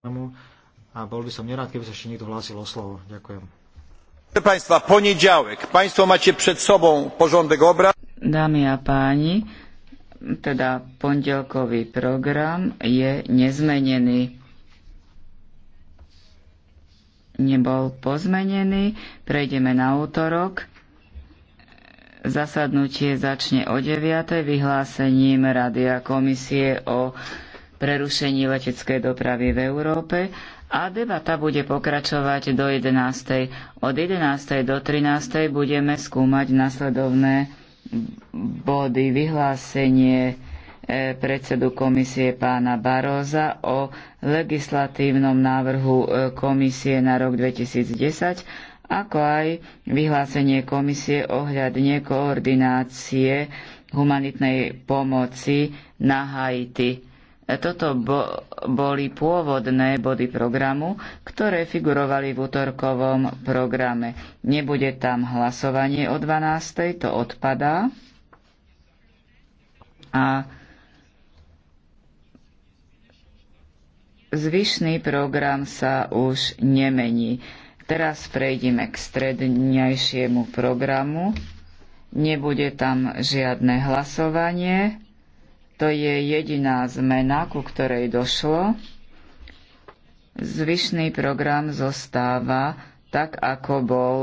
a bol by som nerád, keby sa ešte niekto hlásil o slovo. Ďakujem. Państwa, poniedziałek. Państwo macie przed sobą porządek obrad. Dámy a páni, teda pondelkový program je nezmenený. Nebol pozmenený. Prejdeme na útorok. Zasadnutie začne o 9. vyhlásením Rady a komisie o prerušení leteckej dopravy v Európe a debata bude pokračovať do 11. Od 11. do 13. budeme skúmať nasledovné body vyhlásenie e, predsedu komisie pána Baróza o legislatívnom návrhu e, komisie na rok 2010, ako aj vyhlásenie komisie ohľadne koordinácie humanitnej pomoci na Haiti. Toto bo, boli pôvodné body programu, ktoré figurovali v útorkovom programe. Nebude tam hlasovanie o 12. to odpadá. A zvyšný program sa už nemení. Teraz prejdeme k strednejšiemu programu. Nebude tam žiadne hlasovanie. To je jediná zmena, ku ktorej došlo. Zvyšný program zostáva tak, ako bol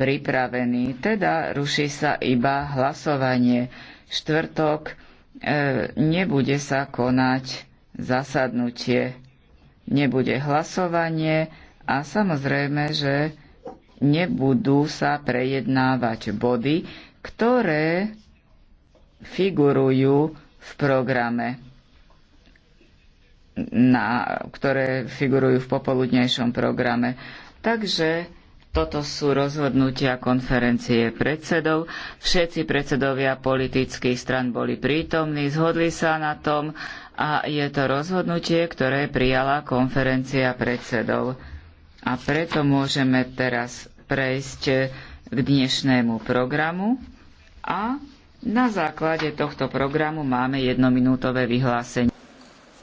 pripravený, teda ruší sa iba hlasovanie. Štvrtok e, nebude sa konať zasadnutie, nebude hlasovanie a samozrejme, že nebudú sa prejednávať body, ktoré figurujú v programe, na, ktoré figurujú v popoludnejšom programe. Takže toto sú rozhodnutia konferencie predsedov. Všetci predsedovia politických stran boli prítomní, zhodli sa na tom a je to rozhodnutie, ktoré prijala konferencia predsedov. A preto môžeme teraz prejsť k dnešnému programu a na základe tohto programu máme jednominútové vyhlásenie.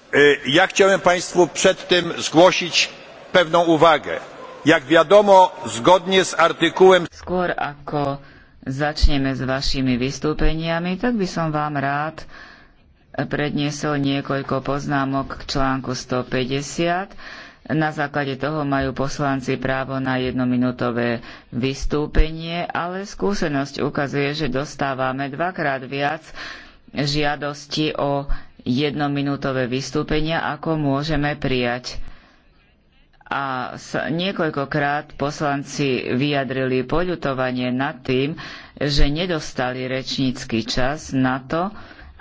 E, ja chciałem Państwu przed tym zgłosić pewną uwagę. Jak wiadomo, zgodnie z artykułem... Skôr ako začneme s vašimi vystúpeniami, tak by som vám rád predniesol niekoľko poznámok k článku 150 na základe toho majú poslanci právo na jednominútové vystúpenie, ale skúsenosť ukazuje, že dostávame dvakrát viac žiadosti o jednominútové vystúpenia, ako môžeme prijať. A niekoľkokrát poslanci vyjadrili poľutovanie nad tým, že nedostali rečnícky čas na to,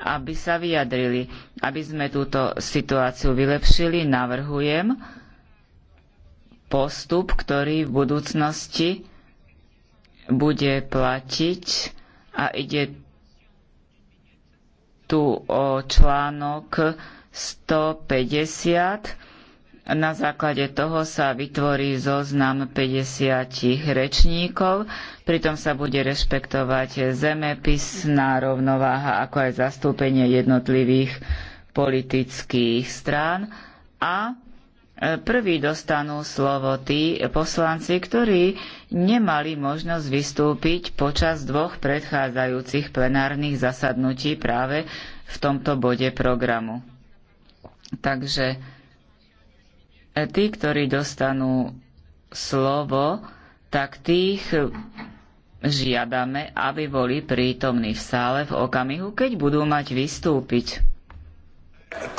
aby sa vyjadrili. Aby sme túto situáciu vylepšili, navrhujem, postup, ktorý v budúcnosti bude platiť a ide tu o článok 150. Na základe toho sa vytvorí zoznam 50 rečníkov, pritom sa bude rešpektovať zemepisná rovnováha, ako aj zastúpenie jednotlivých politických strán a Prví dostanú slovo tí poslanci, ktorí nemali možnosť vystúpiť počas dvoch predchádzajúcich plenárnych zasadnutí práve v tomto bode programu. Takže e, tí, ktorí dostanú slovo, tak tých žiadame, aby boli prítomní v sále v okamihu, keď budú mať vystúpiť.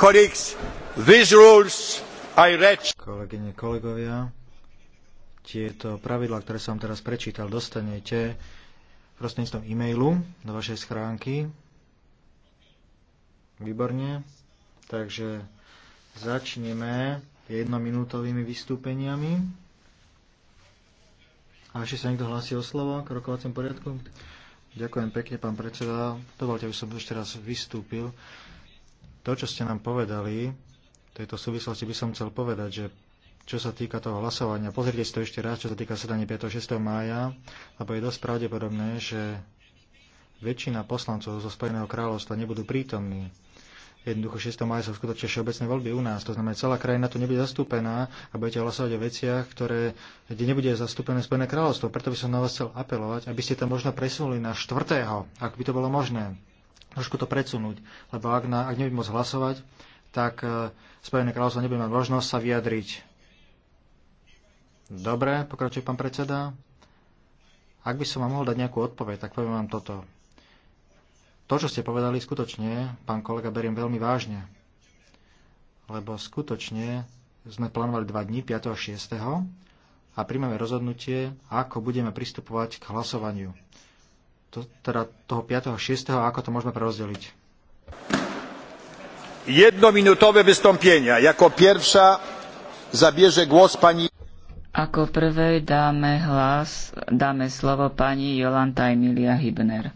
Colleagues, these rules Kolegyne, kolegovia, tieto pravidlá, ktoré som teraz prečítal, dostanete prostredníctvom e-mailu do vašej schránky. Výborne. Takže začneme jednominútovými vystúpeniami. A ešte sa niekto hlási o slovo k rokovacím poriadku? Ďakujem pekne, pán predseda. Dovolte, aby som ešte raz vystúpil. To, čo ste nám povedali, tejto súvislosti by som chcel povedať, že čo sa týka toho hlasovania, pozrite si to ešte raz, čo sa týka sedania 5. 6. mája, lebo je dosť pravdepodobné, že väčšina poslancov zo Spojeného kráľovstva nebudú prítomní. Jednoducho 6. maja sú skutočne všeobecné voľby u nás. To znamená, celá krajina tu nebude zastúpená a budete hlasovať o veciach, ktoré, kde nebude zastúpené Spojené kráľovstvo. Preto by som na vás chcel apelovať, aby ste to možno presunuli na 4. ak by to bolo možné. Trošku to predsunúť, lebo ak, na, ak nebudem môcť hlasovať, tak e, Spojené kráľovstvo nebude mať možnosť sa vyjadriť. Dobre, pokračuje pán predseda. Ak by som vám mohol dať nejakú odpoveď, tak poviem vám toto. To, čo ste povedali, skutočne, pán kolega, beriem veľmi vážne. Lebo skutočne sme plánovali 2 dní, 5. a 6. a príjmeme rozhodnutie, ako budeme pristupovať k hlasovaniu. To, teda toho 5. a 6. ako to môžeme prerozdeliť. Jednominutowe wystąpienia. Jako pierwsza zabierze głos pani... Ako prvej dáme hlas, dáme slovo pani Jolanta Emilia Hibner.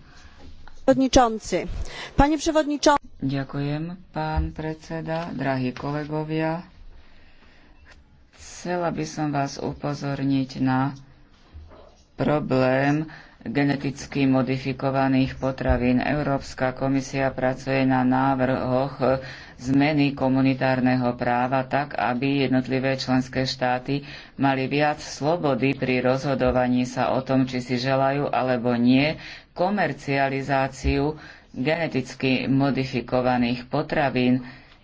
Przewodniczący. Panie przewodniczący. Ďakujem, pán predseda, drahí kolegovia. Chcela by som vás upozorniť na problém, geneticky modifikovaných potravín. Európska komisia pracuje na návrhoch zmeny komunitárneho práva tak, aby jednotlivé členské štáty mali viac slobody pri rozhodovaní sa o tom, či si želajú alebo nie komercializáciu geneticky modifikovaných potravín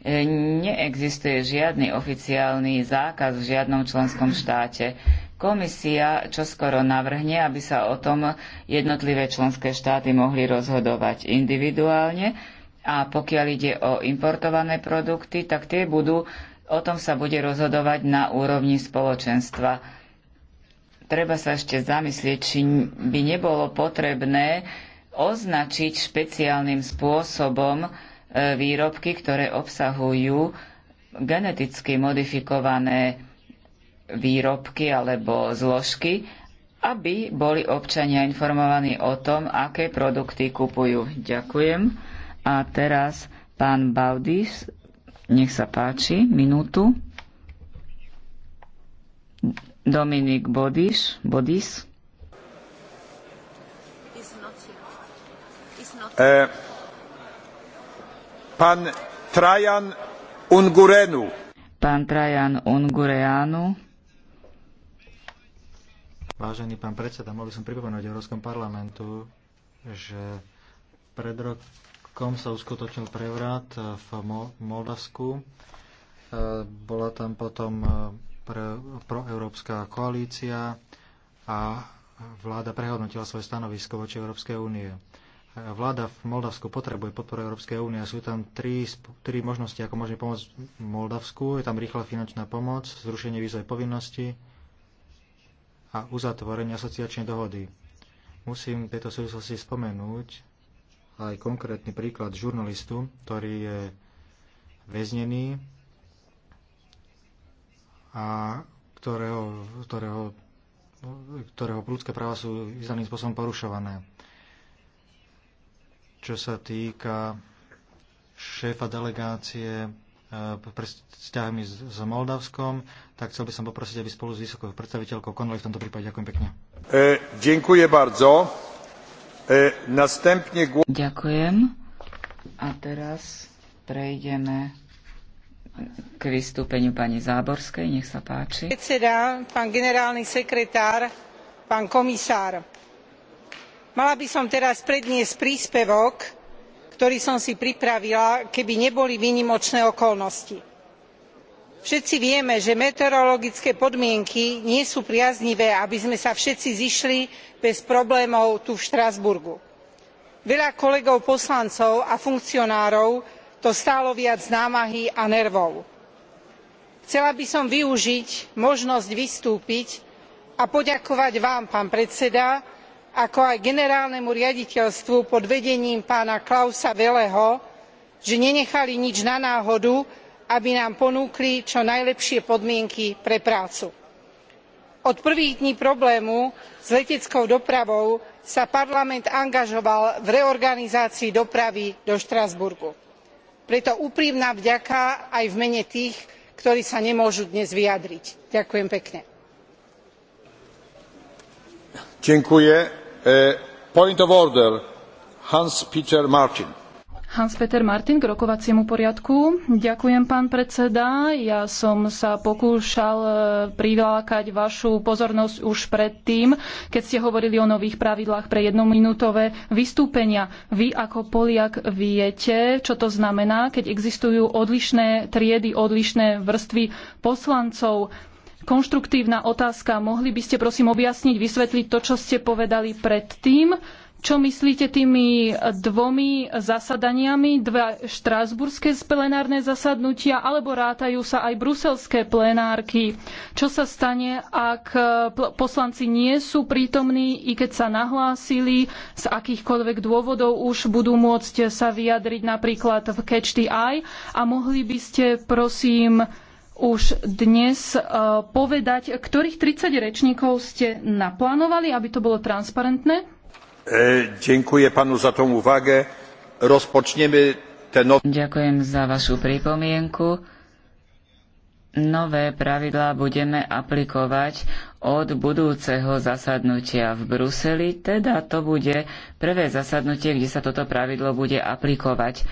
neexistuje žiadny oficiálny zákaz v žiadnom členskom štáte. Komisia čoskoro navrhne, aby sa o tom jednotlivé členské štáty mohli rozhodovať individuálne a pokiaľ ide o importované produkty, tak tie budú, o tom sa bude rozhodovať na úrovni spoločenstva. Treba sa ešte zamyslieť, či by nebolo potrebné označiť špeciálnym spôsobom E, výrobky, ktoré obsahujú geneticky modifikované výrobky alebo zložky, aby boli občania informovaní o tom, aké produkty kupujú. Ďakujem. A teraz pán Baudis, nech sa páči, minútu. Dominik Bodiš, Bodis. Bodis. Pán Trajan Ungurenu. Pán Trajan Ungureanu. Vážený pán predseda, mohli som pripomenúť Európskom parlamentu, že pred rokom sa uskutočnil prevrat v Moldavsku. E, bola tam potom e, pre, proeurópska koalícia a vláda prehodnotila svoje stanovisko voči Európskej únie vláda v Moldavsku potrebuje podporu Európskej únie a sú tam tri, tri možnosti, ako môžeme pomôcť Moldavsku. Je tam rýchla finančná pomoc, zrušenie vízovej povinnosti a uzatvorenie asociačnej dohody. Musím tejto súvislosti spomenúť aj konkrétny príklad žurnalistu, ktorý je väznený a ktorého, ktorého, ktorého ľudské práva sú významným spôsobom porušované čo sa týka šéfa delegácie eh, pre vzťahmi s Moldavskom, tak chcel by som poprosiť, aby spolu s vysokou predstaviteľkou konali v tomto prípade. Ďakujem pekne. ďakujem eh, bardzo. Eh, następne... Ďakujem. A teraz prejdeme k vystúpeniu pani Záborskej. Nech sa páči. Predseda, pán generálny sekretár, pán komisár mala by som teraz predniesť príspevok ktorý som si pripravila keby neboli výnimočné okolnosti. všetci vieme že meteorologické podmienky nie sú priaznivé aby sme sa všetci zišli bez problémov tu v štrasburgu. veľa kolegov poslancov a funkcionárov to stálo viac námahy a nervov. chcela by som využiť možnosť vystúpiť a poďakovať vám pán predseda ako aj generálnemu riaditeľstvu pod vedením pána klausa welleho že nenechali nič na náhodu aby nám ponúkli čo najlepšie podmienky pre prácu. od prvých dní problému s leteckou dopravou sa parlament angažoval v reorganizácii dopravy do štrasburgu. preto úprimná vďaka aj v mene tých ktorí sa nemôžu dnes vyjadriť. ďakujem pekne. Eh, point of order. Hans-Peter Martin. Hans-Peter Martin k rokovaciemu poriadku. Ďakujem, pán predseda. Ja som sa pokúšal eh, privlákať vašu pozornosť už predtým, keď ste hovorili o nových pravidlách pre jednominútové vystúpenia. Vy ako Poliak viete, čo to znamená, keď existujú odlišné triedy, odlišné vrstvy poslancov konštruktívna otázka. Mohli by ste prosím objasniť, vysvetliť to, čo ste povedali predtým? Čo myslíte tými dvomi zasadaniami? Dva štrásburské plenárne zasadnutia alebo rátajú sa aj bruselské plenárky? Čo sa stane, ak poslanci nie sú prítomní, i keď sa nahlásili, z akýchkoľvek dôvodov už budú môcť sa vyjadriť napríklad v Catch the Eye? A mohli by ste, prosím, už dnes e, povedať, ktorých 30 rečníkov ste naplánovali, aby to bolo transparentné? ďakujem e, panu za tú uvagę. Rozpočneme ten... Ďakujem za vašu pripomienku. Nové pravidlá budeme aplikovať od budúceho zasadnutia v Bruseli, teda to bude prvé zasadnutie, kde sa toto pravidlo bude aplikovať.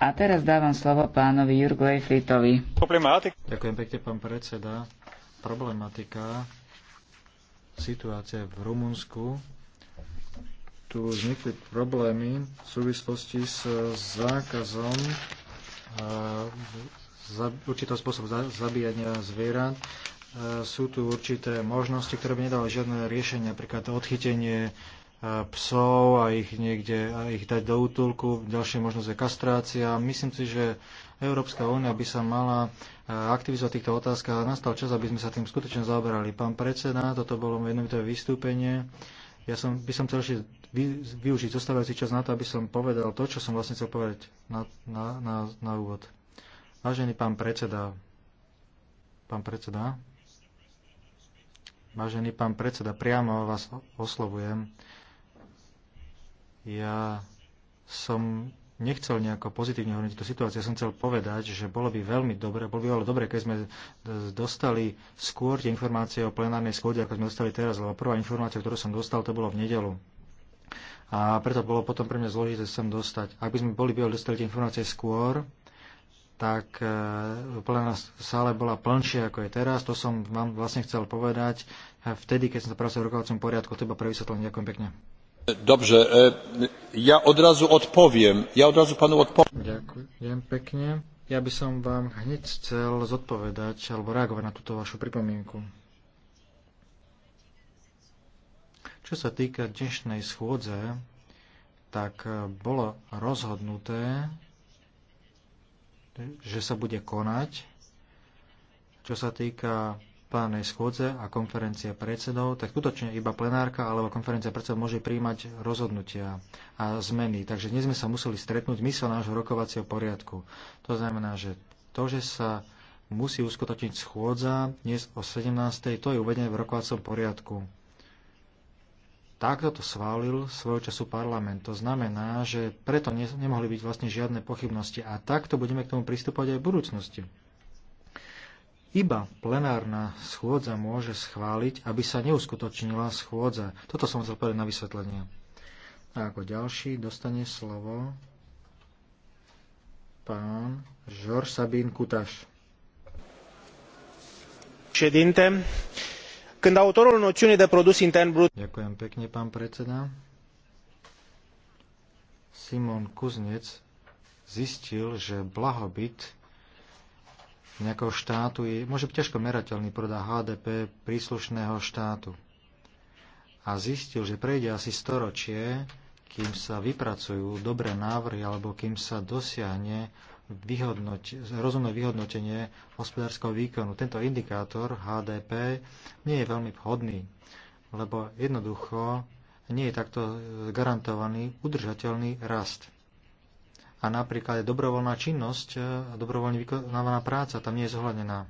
A teraz dávam slovo pánovi Jurgu Ejflitovi. Ďakujem pekne, pán predseda. Problematika situácie v Rumunsku. Tu vznikli problémy v súvislosti s zákazom za, určitým spôsobom zabíjania zvierat. Sú tu určité možnosti, ktoré by nedali žiadne riešenie, napríklad odchytenie psov a ich niekde a ich dať do útulku. Ďalšia možnosť je kastrácia. Myslím si, že Európska únia by sa mala e, aktivizovať týchto otázkach a nastal čas, aby sme sa tým skutočne zaoberali. Pán predseda, toto bolo jednomitové vystúpenie. Ja som, by som chcel ešte využiť zostávajúci čas na to, aby som povedal to, čo som vlastne chcel povedať na, na, na, na úvod. Vážený pán predseda, pán predseda, vážený pán predseda, priamo vás oslovujem. Ja som nechcel nejako pozitívne hodnotiť tú situáciu. Ja som chcel povedať, že bolo by veľmi dobre, bolo by veľmi dobre, keď sme dostali skôr tie informácie o plenárnej schôde, ako sme dostali teraz, lebo prvá informácia, ktorú som dostal, to bolo v nedelu. A preto bolo potom pre mňa zložité sem dostať. Ak by sme boli by dostali tie informácie skôr, tak eh, plenárna sále bola plnšia ako je teraz. To som vám vlastne chcel povedať vtedy, keď som sa pracoval v rokovacom poriadku. iba pre vysvetlenie. Ďakujem pekne. E, ja odrazu odpoviem. Ja odrazu panu odpoviem. Ďakujem pekne. Ja by som vám hneď chcel zodpovedať alebo reagovať na túto vašu pripomienku. Čo sa týka dnešnej schôdze, tak e, bolo rozhodnuté, že sa bude konať. Čo sa týka plenárnej schôdze a konferencia predsedov, tak skutočne iba plenárka alebo konferencia predsedov môže príjmať rozhodnutia a zmeny. Takže dnes sme sa museli stretnúť mysel nášho rokovacieho poriadku. To znamená, že to, že sa musí uskutočniť schôdza dnes o 17. to je uvedené v rokovacom poriadku. Takto to schválil svojho času parlament. To znamená, že preto nemohli byť vlastne žiadne pochybnosti a takto budeme k tomu pristupovať aj v budúcnosti. Iba plenárna schôdza môže schváliť, aby sa neuskutočnila schôdza. Toto som chcel povedať na vysvetlenie. A ako ďalší dostane slovo pán Žor Sabín Kutaš. când autorul de produs intern brut... Ďakujem pekne, pán predseda. Simon Kuznec zistil, že blahobyt nejakého štátu je, môže byť ťažko merateľný podľa HDP príslušného štátu. A zistil, že prejde asi storočie, kým sa vypracujú dobré návrhy alebo kým sa dosiahne vyhodnoť, rozumné vyhodnotenie hospodárskeho výkonu. Tento indikátor HDP nie je veľmi vhodný, lebo jednoducho nie je takto garantovaný udržateľný rast a napríklad je dobrovoľná činnosť, e, a dobrovoľne vykonávaná práca tam nie je zohľadnená.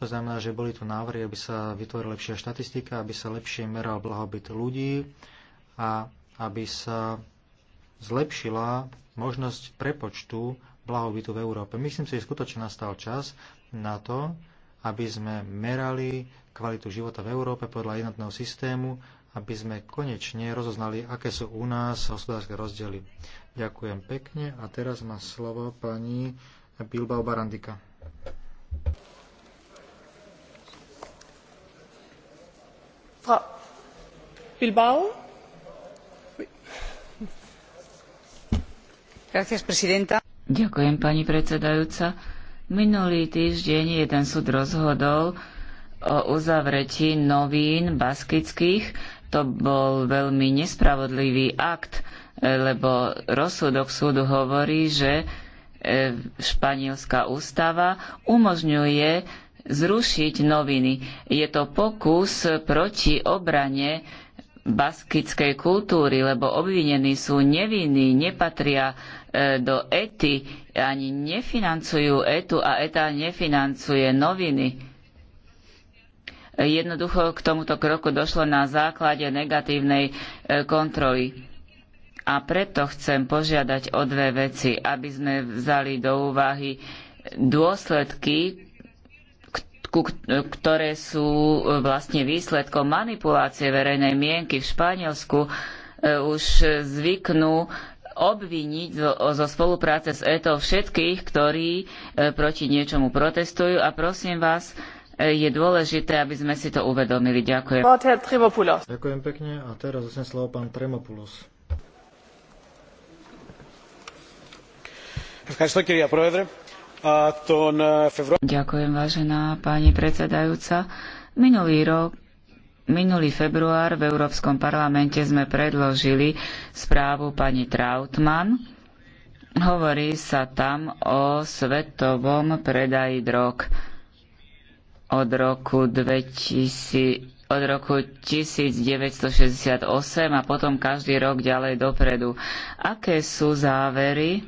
To znamená, že boli tu návrhy, aby sa vytvorila lepšia štatistika, aby sa lepšie meral blahobyt ľudí a aby sa zlepšila možnosť prepočtu blahobytu v Európe. Myslím si, že skutočne nastal čas na to, aby sme merali kvalitu života v Európe podľa jednotného systému aby sme konečne rozoznali, aké sú u nás hospodárske rozdiely. Ďakujem pekne a teraz má slovo pani Bilbao Barandika. Bilbao? Gracias, presidenta. Ďakujem, pani predsedajúca. Minulý týždeň jeden súd rozhodol o uzavretí novín baskických, to bol veľmi nespravodlivý akt, e, lebo rozsudok súdu hovorí, že e, španielská ústava umožňuje zrušiť noviny. Je to pokus proti obrane baskickej kultúry, lebo obvinení sú nevinní, nepatria e, do ETY, ani nefinancujú ETU a ETA nefinancuje noviny Jednoducho k tomuto kroku došlo na základe negatívnej e, kontroly. A preto chcem požiadať o dve veci, aby sme vzali do úvahy dôsledky, ktoré sú vlastne výsledkom manipulácie verejnej mienky v Španielsku, e, už zvyknú obviniť zo, spolupráce s ETO všetkých, ktorí e, proti niečomu protestujú. A prosím vás, je dôležité, aby sme si to uvedomili. Ďakujem. Ďakujem pekne a teraz zase slovo pán Tremopulos. Ďakujem, vážená pani predsedajúca. Minulý rok Minulý február v Európskom parlamente sme predložili správu pani Trautmann. Hovorí sa tam o svetovom predaji drog od roku 2000 od roku 1968 a potom každý rok ďalej dopredu. Aké sú závery?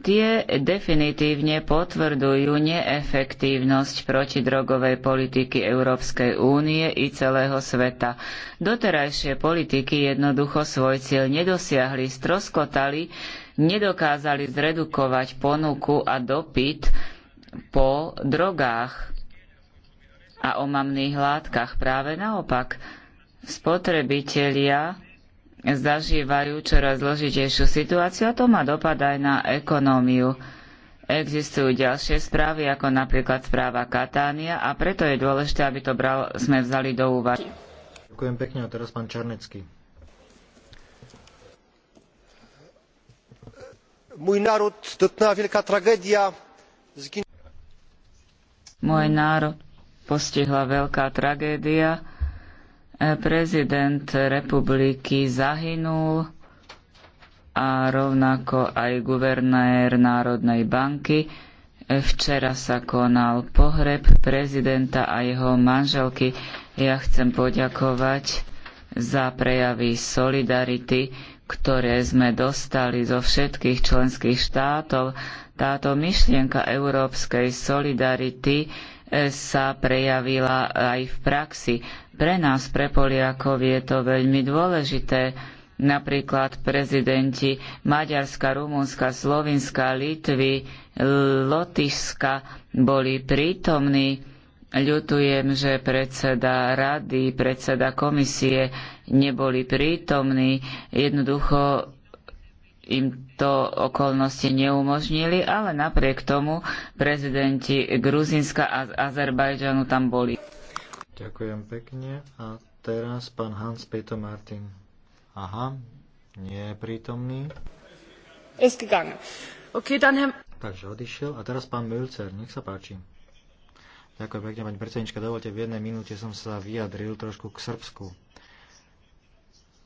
Tie definitívne potvrdujú neefektívnosť protidrogovej politiky Európskej únie i celého sveta. Doterajšie politiky jednoducho svoj cieľ nedosiahli, stroskotali, nedokázali zredukovať ponuku a dopyt po drogách a omamných látkach. Práve naopak, spotrebitelia zažívajú čoraz zložitejšiu situáciu a to má dopad aj na ekonómiu. Existujú ďalšie správy, ako napríklad správa Katánia a preto je dôležité, aby to bral, sme vzali do úvahy. Ďakujem pekne a teraz pán Čarnecký. Môj národ dotknula veľká tragédia. Môj národ postihla veľká tragédia. E, prezident republiky zahynul a rovnako aj guvernér Národnej banky. E, včera sa konal pohreb prezidenta a jeho manželky. Ja chcem poďakovať za prejavy solidarity, ktoré sme dostali zo všetkých členských štátov. Táto myšlienka európskej solidarity sa prejavila aj v praxi. Pre nás, pre Poliakov, je to veľmi dôležité. Napríklad prezidenti Maďarska, Rumunska, Slovinska, Litvy, Lotyšska boli prítomní. Ľutujem, že predseda rady, predseda komisie neboli prítomní. Jednoducho im to okolnosti neumožnili, ale napriek tomu prezidenti Gruzinska a Azerbajdžanu tam boli. Ďakujem pekne. A teraz pán Hans Peter Martin. Aha, nie je prítomný. gegangen. Okay, dann Herr... Takže odišiel. A teraz pán Mülcer, nech sa páči. Ďakujem pekne, pani predsednička. Dovolte, v jednej minúte som sa vyjadril trošku k Srbsku.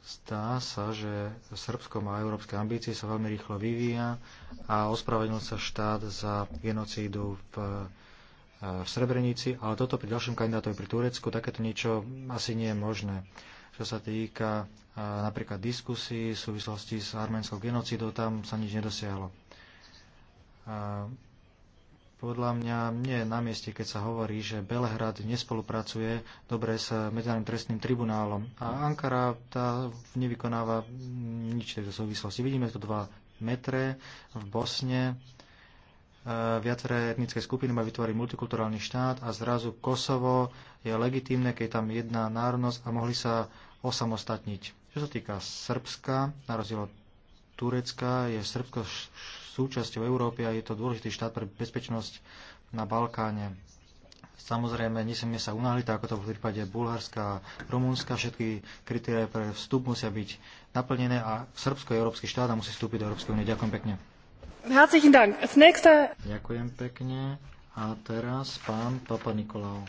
Stá sa, že Srbsko má európske ambície, sa veľmi rýchlo vyvíja a ospravedlnil sa štát za genocídu v, e, v Srebrenici, ale toto pri ďalšom kandidátovi pri Turecku takéto niečo asi nie je možné. Čo sa týka e, napríklad diskusí v súvislosti s arménskou genocidou, tam sa nič nedosiahlo. E, podľa mňa nie je na mieste, keď sa hovorí, že Belehrad nespolupracuje dobre s Medzinárodným trestným tribunálom a Ankara tá nevykonáva nič v tejto súvislosti. Vidíme tu dva metre v Bosne, e, viaceré etnické skupiny majú vytvoriť multikulturálny štát a zrazu Kosovo je legitímne, keď je tam jedna národnosť a mohli sa osamostatniť. Čo sa týka Srbska, na rozdiel od Turecka, je Srbsko súčasťou Európy a je to dôležitý štát pre bezpečnosť na Balkáne. Samozrejme, nesmieme sa unáhliť, ako to v prípade Bulharska a Rumunska. Všetky kritéria pre vstup musia byť naplnené a Srbsko je európsky štát a musí vstúpiť do Európskej únie. Ďakujem pekne. Herzlichen Dank. Ďakujem pekne. A teraz pán Papa Nikolau.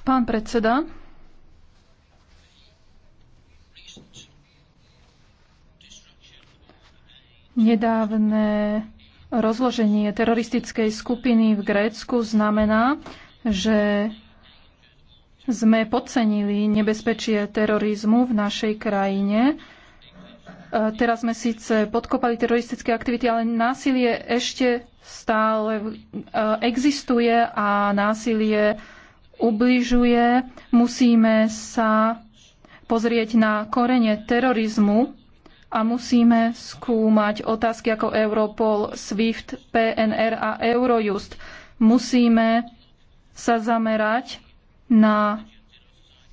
Pán predseda, Nedávne rozloženie teroristickej skupiny v Grécku znamená, že sme podcenili nebezpečie terorizmu v našej krajine. E, teraz sme síce podkopali teroristické aktivity, ale násilie ešte stále e, existuje a násilie ubližuje. Musíme sa pozrieť na korene terorizmu a musíme skúmať otázky ako Europol, SWIFT, PNR a Eurojust. Musíme sa zamerať na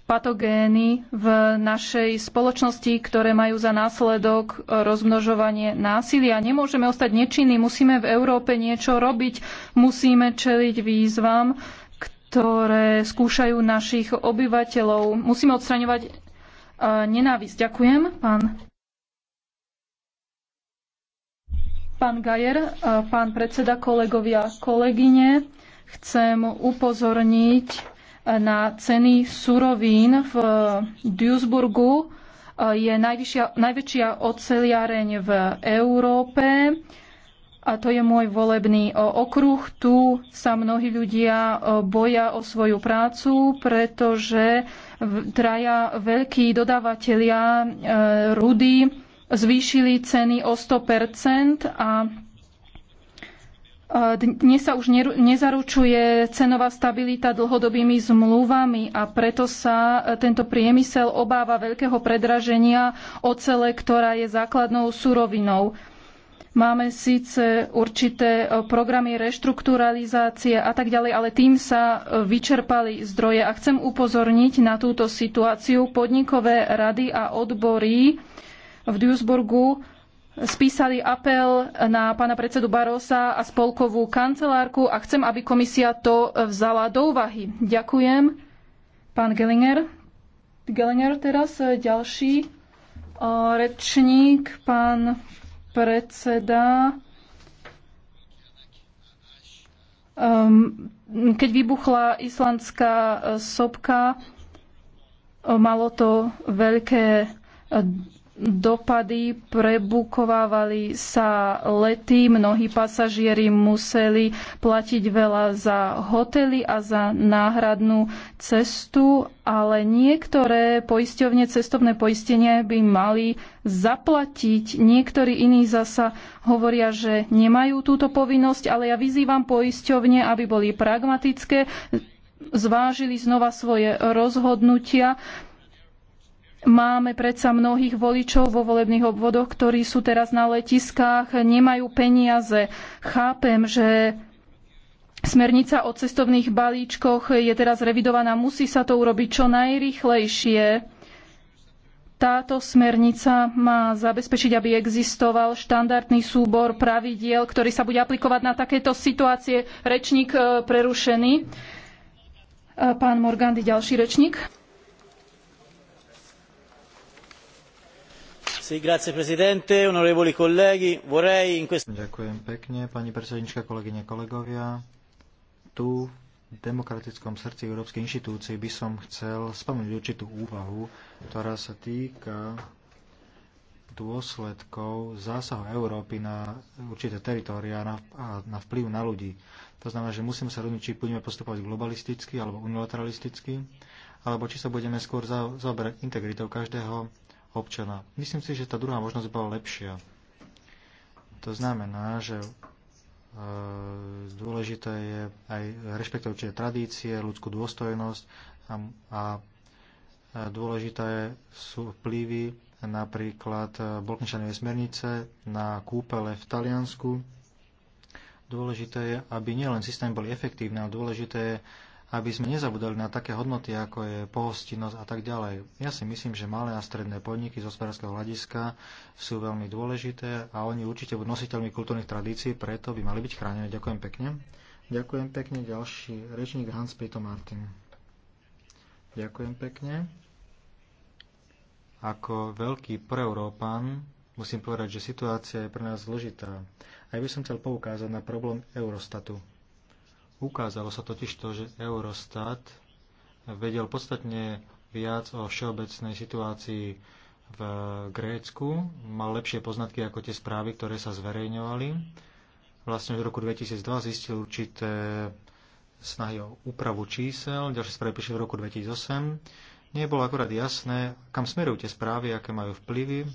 patogény v našej spoločnosti, ktoré majú za následok rozmnožovanie násilia. Nemôžeme ostať nečinní, musíme v Európe niečo robiť, musíme čeliť výzvam, ktoré skúšajú našich obyvateľov. Musíme odstraňovať nenávisť. Ďakujem, pán Pán Gajer, e, pán predseda, kolegovia, kolegyne, chcem upozorniť e, na ceny surovín v Duisburgu. E, je najvyššia, najväčšia oceliareň v Európe a to je môj volebný okruh. Tu sa mnohí ľudia boja o svoju prácu, pretože traja veľkí dodávateľia rudy zvýšili ceny o 100% a dnes sa už nezaručuje cenová stabilita dlhodobými zmluvami a preto sa e, tento priemysel obáva veľkého predraženia ocele, ktorá je základnou surovinou. Máme síce určité e, programy reštrukturalizácie a tak ďalej, ale tým sa e, vyčerpali zdroje. A chcem upozorniť na túto situáciu podnikové rady a odbory v Duisburgu spísali apel na pána predsedu Barosa a spolkovú kancelárku a chcem, aby komisia to vzala do úvahy. Ďakujem. Pán Gellinger. Gellinger teraz ďalší e, rečník, pán predseda. Ehm, keď vybuchla islandská e, sopka, e, malo to veľké dopady, prebukovávali sa lety, mnohí pasažieri museli platiť veľa za hotely a za náhradnú cestu, ale niektoré poisťovne cestovné poistenie by mali zaplatiť. Niektorí iní zasa hovoria, že nemajú túto povinnosť, ale ja vyzývam poisťovne, aby boli pragmatické, zvážili znova svoje rozhodnutia Máme predsa mnohých voličov vo volebných obvodoch, ktorí sú teraz na letiskách, nemajú peniaze. Chápem, že smernica o cestovných balíčkoch je teraz revidovaná. Musí sa to urobiť čo najrychlejšie. Táto smernica má zabezpečiť, aby existoval štandardný súbor pravidiel, ktorý sa bude aplikovať na takéto situácie. Rečník eh, prerušený. Eh, pán Morgandy, ďalší rečník. Ďakujem pekne, pani predsednička, kolegyne, kolegovia. Tu v demokratickom srdci Európskej inštitúcie by som chcel spomenúť určitú úvahu, ktorá sa týka dôsledkov zásahu Európy na určité teritória a na vplyv na ľudí. To znamená, že musíme sa rozhodnúť, či budeme postupovať globalisticky alebo unilateralisticky, alebo či sa budeme skôr zaoberať integritou každého občana. Myslím si, že tá druhá možnosť bola lepšia. To znamená, že e, dôležité je aj rešpektovať tradície, ľudskú dôstojnosť a, a e, dôležité sú vplyvy napríklad e, Bolkenšanovej smernice na kúpele v Taliansku. Dôležité je, aby nielen systém boli efektívne, ale dôležité je, aby sme nezabudali na také hodnoty, ako je pohostinnosť a tak ďalej. Ja si myslím, že malé a stredné podniky z hospodárskeho hľadiska sú veľmi dôležité a oni určite budú nositeľmi kultúrnych tradícií, preto by mali byť chránené. Ďakujem pekne. Ďakujem pekne. Ďalší rečník Hans Peter Martin. Ďakujem pekne. Ako veľký preurópan musím povedať, že situácia je pre nás zložitá. Aj by som chcel poukázať na problém Eurostatu. Ukázalo sa totiž to, že Eurostat vedel podstatne viac o všeobecnej situácii v Grécku, mal lepšie poznatky ako tie správy, ktoré sa zverejňovali. Vlastne v roku 2002 zistil určité snahy o úpravu čísel, ďalšie správy prišli v roku 2008. Nie bolo akorát jasné, kam smerujú tie správy, aké majú vplyvy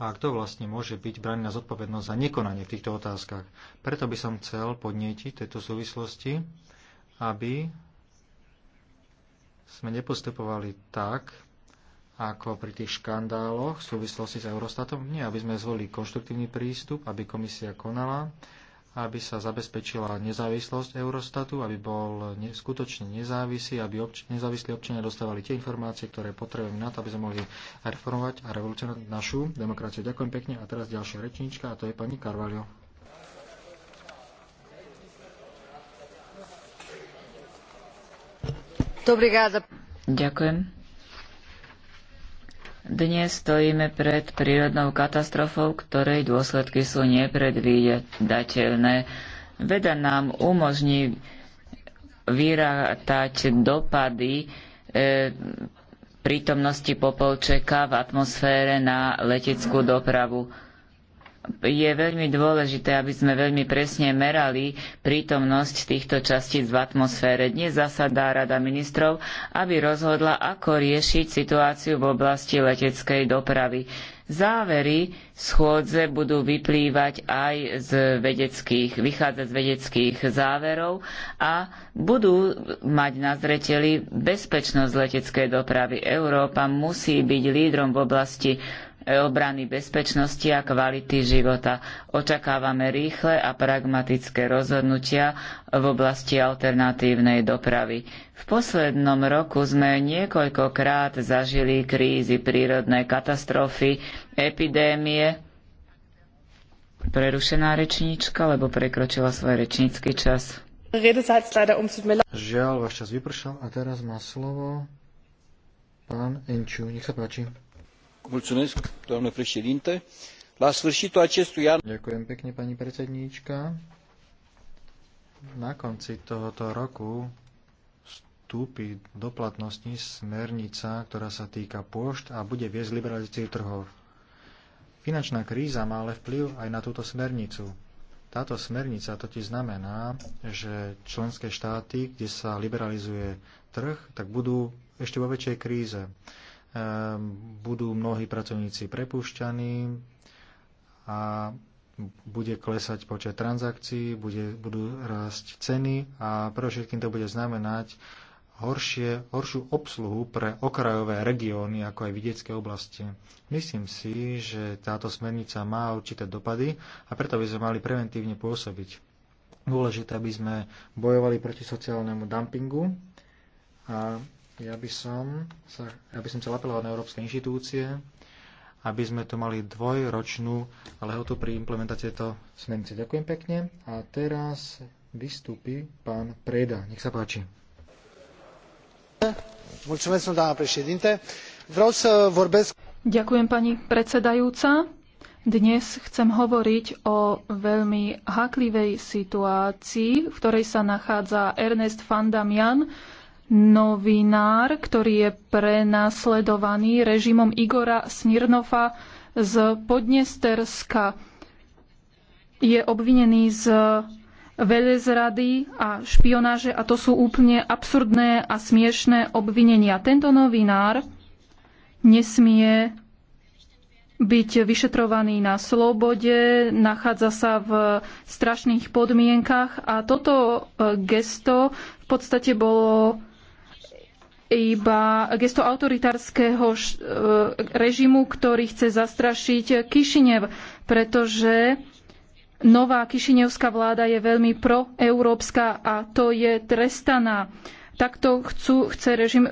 a kto vlastne môže byť braný na zodpovednosť za nekonanie v týchto otázkach. Preto by som chcel podnietiť tejto súvislosti, aby sme nepostupovali tak, ako pri tých škandáloch v súvislosti s Eurostatom. Nie, aby sme zvolili konštruktívny prístup, aby komisia konala, aby sa zabezpečila nezávislosť Eurostatu, aby bol skutočne nezávislý, aby obč- nezávislí občania dostávali tie informácie, ktoré potrebujeme na to, aby sme mohli reformovať a revolucionovať našu demokraciu. Ďakujem pekne a teraz ďalšia rečníčka a to je pani Carvalho. Ďakujem. Dnes stojíme pred prírodnou katastrofou, ktorej dôsledky sú nepredvídateľné. Veda nám umožní vyrátať dopady e, prítomnosti popolčeka v atmosfére na leteckú dopravu je veľmi dôležité, aby sme veľmi presne merali prítomnosť týchto častíc v atmosfére. Dnes zasadá Rada ministrov, aby rozhodla, ako riešiť situáciu v oblasti leteckej dopravy. Závery schôdze budú vyplývať aj z vedeckých, vychádzať z vedeckých záverov a budú mať na zreteli bezpečnosť leteckej dopravy. Európa musí byť lídrom v oblasti E, obrany bezpečnosti a kvality života. Očakávame rýchle a pragmatické rozhodnutia v oblasti alternatívnej dopravy. V poslednom roku sme niekoľkokrát zažili krízy, prírodné katastrofy, epidémie. Prerušená rečníčka, lebo prekročila svoj rečnícky čas. Žiaľ, váš čas vypršal a teraz má slovo pán Enču. Nech sa páči la sfârșitul acestui an Ďakujem pekne, pani predsedníčka. Na konci tohoto roku vstúpi do platnosti smernica, ktorá sa týka pošt a bude viesť liberalizáciu trhov. Finančná kríza má ale vplyv aj na túto smernicu. Táto smernica totiž znamená, že členské štáty, kde sa liberalizuje trh, tak budú ešte vo väčšej kríze. Ehm, budú mnohí pracovníci prepúšťaní a bude klesať počet transakcií, bude, budú rásť ceny a pre všetkým to bude znamenať horšie, horšiu obsluhu pre okrajové regióny, ako aj vidiecké oblasti. Myslím si, že táto smernica má určité dopady a preto by sme mali preventívne pôsobiť. Dôležité, aby sme bojovali proti sociálnemu dumpingu a ja by som, sa, ja by som chcel apelovať na európske inštitúcie, aby sme to mali dvojročnú lehotu pri implementácii tejto smernice. Ďakujem pekne. A teraz vystúpi pán Preda. Nech sa páči. Ďakujem pani predsedajúca. Dnes chcem hovoriť o veľmi haklivej situácii, v ktorej sa nachádza Ernest van Damian, novinár, ktorý je prenasledovaný režimom Igora Smirnova z Podnesterska. Je obvinený z velezrady a špionáže a to sú úplne absurdné a smiešné obvinenia. Tento novinár nesmie byť vyšetrovaný na slobode, nachádza sa v strašných podmienkach a toto e, gesto v podstate bolo iba gesto autoritárskeho e, režimu, ktorý chce zastrašiť Kišinev, pretože nová kišinevská vláda je veľmi proeurópska a to je trestaná. Takto chcú, chce režim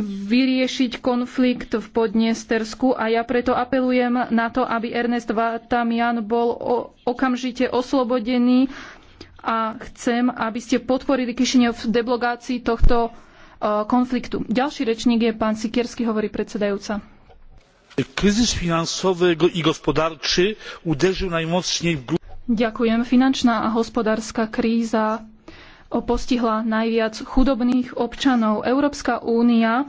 vyriešiť konflikt v Podnestersku a ja preto apelujem na to, aby Ernest Vatamian bol okamžite oslobodený a chcem, aby ste podporili Kišinev v deblogácii tohto Eh, konfliktu. Ďalší rečník je pán Sikierski, hovorí predsedajúca. Kryzys finansový i gospodarczy uderzył najmocniej w Ďakujem. Finančná a hospodárska kríza postihla najviac chudobných občanov. Európska únia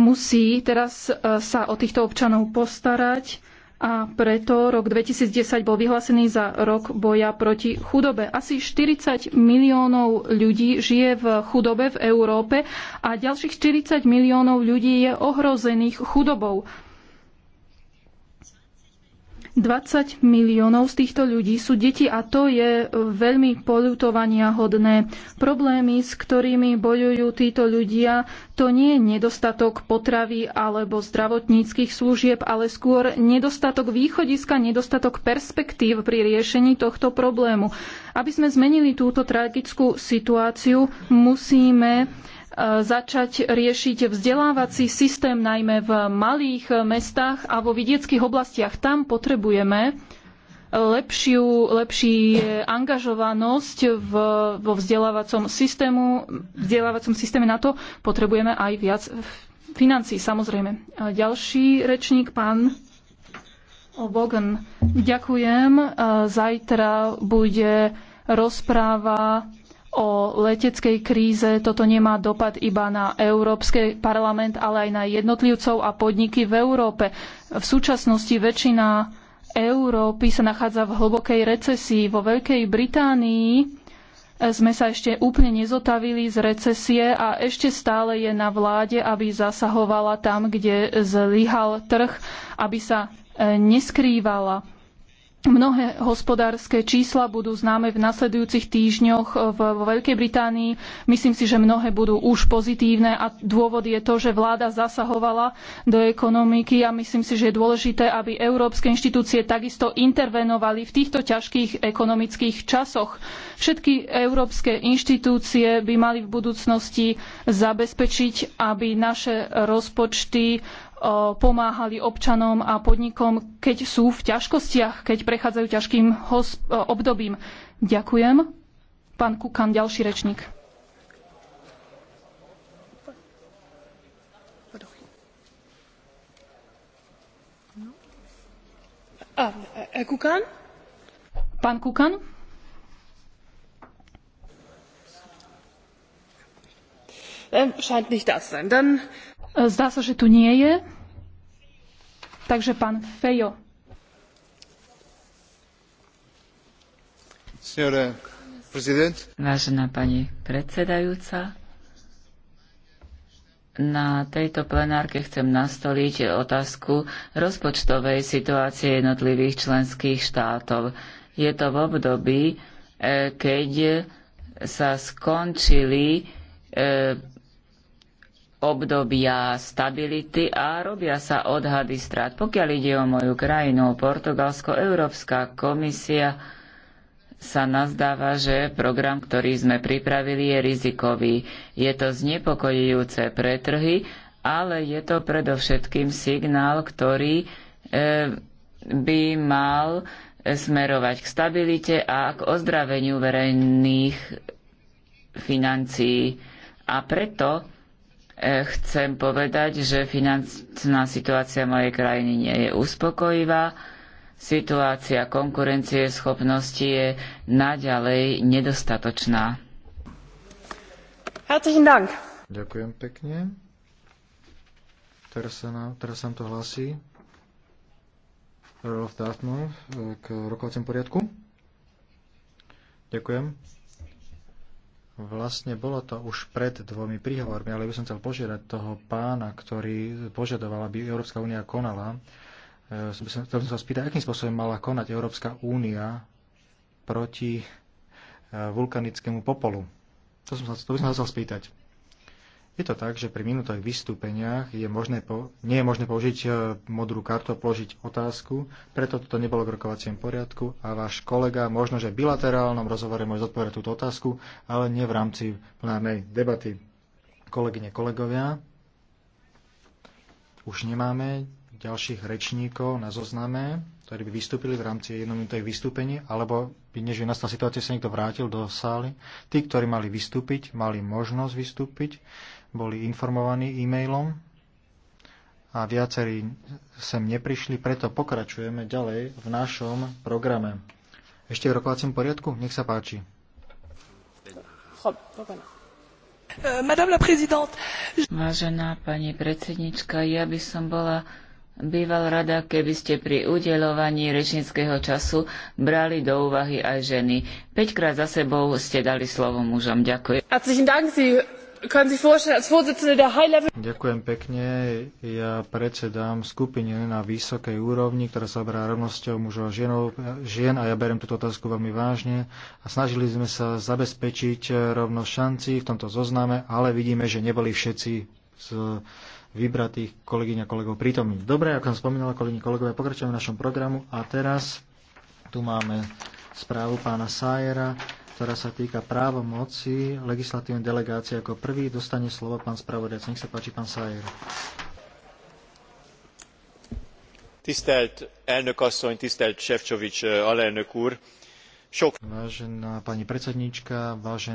musí teraz eh, sa o týchto občanov postarať a preto rok 2010 bol vyhlásený za rok boja proti chudobe. Asi 40 miliónov ľudí žije v chudobe v Európe a ďalších 40 miliónov ľudí je ohrozených chudobou. 20 miliónov z týchto ľudí sú deti a to je e, veľmi polutovania hodné. Problémy, s ktorými bojujú títo ľudia, to nie je nedostatok potravy alebo zdravotníckých služieb, ale skôr nedostatok východiska, nedostatok perspektív pri riešení tohto problému. Aby sme zmenili túto tragickú situáciu, musíme E, začať riešiť vzdelávací systém najmä v malých mestách a vo vidieckých oblastiach. Tam potrebujeme lepšiu, lepší angažovanosť v, vo vzdelávacom systému. vzdelávacom systéme na to potrebujeme aj viac financí, samozrejme. A ďalší rečník, pán Bogen. Ďakujem. E, zajtra bude rozpráva o leteckej kríze. Toto nemá dopad iba na Európsky parlament, ale aj na jednotlivcov a podniky v Európe. V súčasnosti väčšina Európy sa nachádza v hlbokej recesii. Vo Veľkej Británii sme sa ešte úplne nezotavili z recesie a ešte stále je na vláde, aby zasahovala tam, kde zlyhal trh, aby sa e, neskrývala. Mnohé hospodárske čísla budú známe v nasledujúcich týždňoch e, vo Veľkej Británii. Myslím si, že mnohé budú už pozitívne a dôvod je to, že vláda zasahovala do ekonomiky a myslím si, že je dôležité, aby európske inštitúcie takisto intervenovali v týchto ťažkých ekonomických časoch. Všetky európske inštitúcie by mali v budúcnosti zabezpečiť, aby naše rozpočty pomáhali občanom a podnikom, keď sú v ťažkostiach, keď prechádzajú ťažkým obdobím. Ďakujem. Pán Kukan, ďalší rečník. E, Kukan? Pán Kukan? Zdá sa, že tu nie je. Takže pán Fejo. Vážená pani predsedajúca, na tejto plenárke chcem nastoliť otázku rozpočtovej situácie jednotlivých členských štátov. Je to v období, eh, keď sa skončili eh, obdobia stability a robia sa odhady strát. Pokiaľ ide o moju krajinu, Portugalsko, Európska komisia sa nazdáva, že program, ktorý sme pripravili, je rizikový. Je to znepokojujúce pre trhy, ale je to predovšetkým signál, ktorý e, by mal e, smerovať k stabilite a k ozdraveniu verejných financií. A preto E, chcem povedať, že finančná situácia mojej krajiny nie je uspokojivá. Situácia konkurencie schopnosti je naďalej nedostatočná. Herzlichen Dank. Ďakujem pekne. Teraz sa, nám, teraz sa to hlasí. Earl of Dartmouth e, k rokovacím poriadku. Ďakujem. Vlastne bolo to už pred dvomi príhovormi, ale by som chcel požiadať toho pána, ktorý požadoval, aby Európska únia konala. E, chcel som sa spýtať, akým spôsobom mala konať Európska únia proti e, vulkanickému popolu. To, som sa, to by som sa chcel spýtať. Je to tak, že pri minútových vystúpeniach je možné po, nie je možné použiť e, modrú kartu a položiť otázku, preto toto nebolo v rokovaciem poriadku a váš kolega možno, že v bilaterálnom rozhovore môže zodpovedať túto otázku, ale nie v rámci plenárnej debaty. Kolegyne, kolegovia, už nemáme ďalších rečníkov na zozname, ktorí by vystúpili v rámci jednominútových vystúpení, alebo by než by nastala situácia, sa niekto vrátil do sály. Tí, ktorí mali vystúpiť, mali možnosť vystúpiť boli informovaní e-mailom a viacerí sem neprišli, preto pokračujeme ďalej v našom programe. Ešte v rokovacím poriadku? Nech sa páči. Vážená pani predsednička, ja by som bola Býval rada, keby ste pri udelovaní rečníckého času brali do úvahy aj ženy. Peťkrát za sebou ste dali slovo mužom. Ďakujem. Ďakujem pekne. Ja predsedám skupine na vysokej úrovni, ktorá sa obrá rovnosťou mužov a žienov, žien a ja berem túto otázku veľmi vážne. A snažili sme sa zabezpečiť rovnosť šanci v tomto zozname, ale vidíme, že neboli všetci z vybratých kolegyň a kolegov prítomní. Dobre, ako som spomínala, kolegyne kolegovia, pokračujeme v našom programu a teraz tu máme správu pána Sajera ktorá sa týka právomoci legislatívnej delegácie. Ako prvý dostane slovo pán spravodajca. Nech sa páči, pán Sajer. Tisztelt elnök asszony, tisztelt Šefčovič alelnök úr! Sok... Vážená pani predsedníčka, vážená